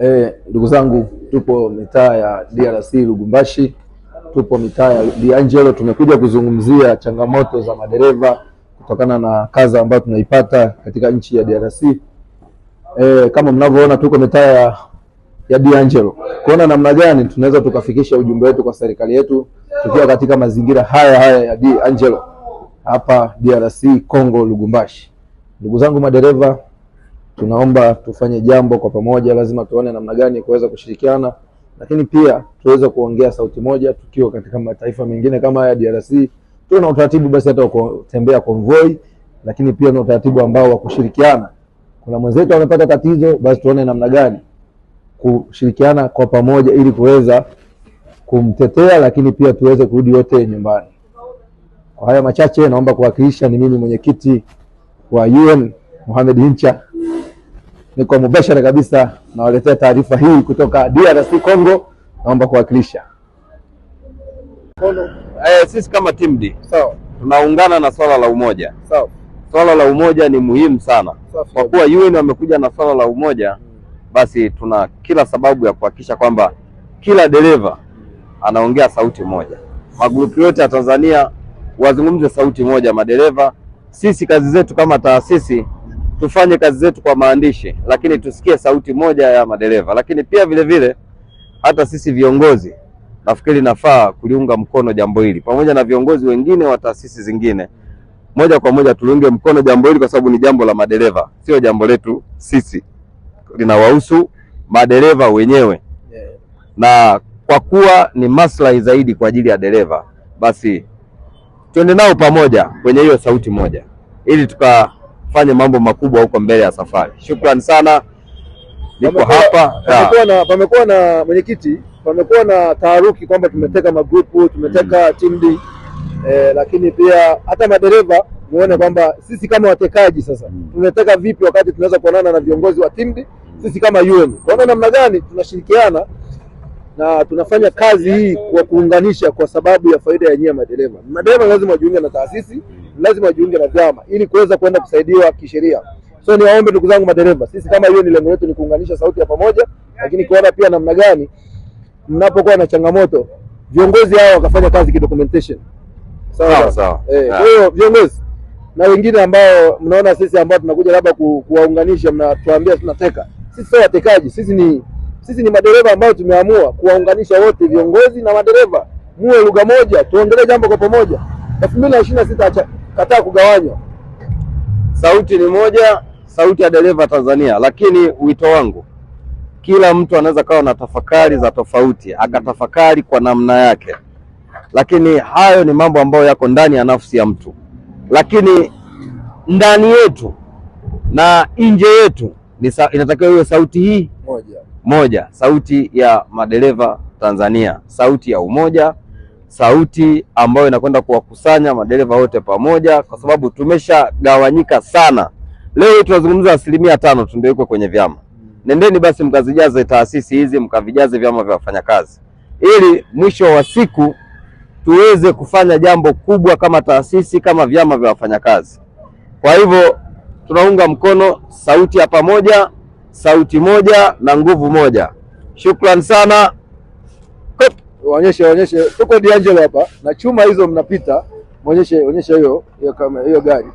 Eh, ndugu zangu tupo mitaa ya DRC Lubumbashi, tupo mitaa ya D'Angelo. Tumekuja kuzungumzia changamoto za madereva kutokana na kaza ambayo tunaipata katika nchi ya DRC. E, eh, kama mnavyoona tuko mitaa ya, ya D'Angelo kuona namna gani tunaweza tukafikisha ujumbe wetu kwa serikali yetu tukiwa katika mazingira haya haya ya D'Angelo hapa DRC Congo Lubumbashi. Ndugu zangu madereva tunaomba tufanye jambo kwa pamoja, lazima tuone namna gani ya kuweza kushirikiana, lakini pia tuweze kuongea sauti moja tukiwa katika mataifa mengine kama haya DRC. Tuna utaratibu basi hata kutembea convoy, lakini pia na utaratibu ambao wa kushirikiana. Kuna mwenzetu amepata tatizo, basi tuone namna gani kushirikiana kwa pamoja ili kuweza kumtetea, lakini pia tuweze kurudi wote nyumbani. Kwa haya machache, naomba kuwakilisha ni mimi mwenyekiti wa UN Mohamed Hincha kwa mubashara kabisa nawaletea taarifa hii kutoka DRC Congo, naomba kuwakilisha eh, sisi kama team D tunaungana na swala la umoja sawa. Swala la umoja ni muhimu sana sawa. Kwa kuwa UN wamekuja na swala la umoja, basi tuna kila sababu ya kuhakikisha kwamba kila dereva anaongea sauti moja, magrupu yote ya Tanzania wazungumze sauti moja, madereva. Sisi kazi zetu kama taasisi tufanye kazi zetu kwa maandishi, lakini tusikie sauti moja ya madereva. Lakini pia vile vile hata sisi viongozi nafikiri nafaa kuliunga mkono jambo hili pamoja na viongozi wengine wa taasisi zingine, moja kwa moja tuliunge mkono jambo hili, kwa sababu ni jambo la madereva, sio jambo letu sisi, linawahusu madereva wenyewe Na kwa kuwa ni maslahi zaidi kwa ajili ya dereva, basi twende nao pamoja kwenye hiyo sauti moja ili tuka tufanye mambo makubwa huko mbele ya safari. Shukrani sana, niko hapa. Ah. Pamekuwa na, na mwenyekiti, pamekuwa na taharuki kwamba tumeteka magrupu tumeteka mm. team D eh, lakini pia hata madereva muone kwamba sisi kama watekaji sasa mm. vipi wakati tunaweza kuonana na viongozi wa team D, mm. sisi kama UN kuona namna gani tunashirikiana na tunafanya kazi hii kwa kuunganisha, kwa sababu ya faida ya nyie madereva. Madereva lazima wajiunge na taasisi, lazima wajiunge na vyama ili kuweza kwenda kusaidiwa kisheria. So niwaombe ndugu zangu madereva, sisi kama hiyo ni lengo letu, ni kuunganisha sauti ya pamoja, lakini kuona pia namna gani mnapokuwa na changamoto viongozi hao wakafanya kazi kidocumentation. Sawa sawa. Eh, kwa ah. hiyo viongozi na wengine ambao mnaona sisi ambao tunakuja labda kuwaunganisha, mnatuambia tunateka. Sisi sio watekaji, sisi ni sisi ni madereva ambao tumeamua kuwaunganisha wote, viongozi na madereva, muwe lugha moja, tuongelee jambo kwa pamoja. elfu mbili na ishirini na sita kataa kugawanywa. Sauti ni moja, sauti ya dereva Tanzania. Lakini wito wangu, kila mtu anaweza kawa na tafakari za tofauti, akatafakari kwa namna yake, lakini hayo ni mambo ambayo yako ndani ya nafsi ya mtu, lakini ndani yetu na nje yetu inatakiwa iwe sauti hii moja moja, sauti ya madereva Tanzania, sauti ya umoja, sauti ambayo inakwenda kuwakusanya madereva wote pamoja, kwa sababu tumeshagawanyika sana. Leo tunazungumza asilimia tano tundiwekwe kwenye vyama. Nendeni basi mkazijaze taasisi hizi, mkavijaze vyama vya wafanyakazi, ili mwisho wa siku tuweze kufanya jambo kubwa kama taasisi, kama vyama vya wafanyakazi. Kwa hivyo tunaunga mkono sauti ya pamoja sauti moja na nguvu moja. Shukran sana. Waonyeshe, waonyeshe, tuko D'Angelo hapa na chuma hizo mnapita, onyeshe onyesha hiyo hiyo kama hiyo gari.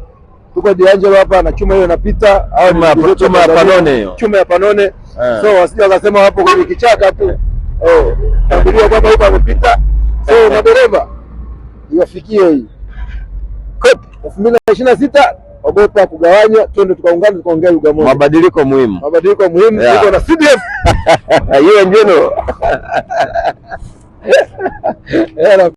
Tuko D'Angelo hapa na chuma hiyo inapita, au chuma ya Panone hiyo, chuma ya Panone yeah. So wasije wakasema wapo kwenye kichaka tu eh. oh, tambulia kwamba huko amepita. So eh. madereva iwafikie hii elfu mbili na na sita ogopa kugawanya twende tukaungana, tukaongea lugha moja. Mabadiliko muhimu, mabadiliko muhimu yeah. na CDF hiyo njeno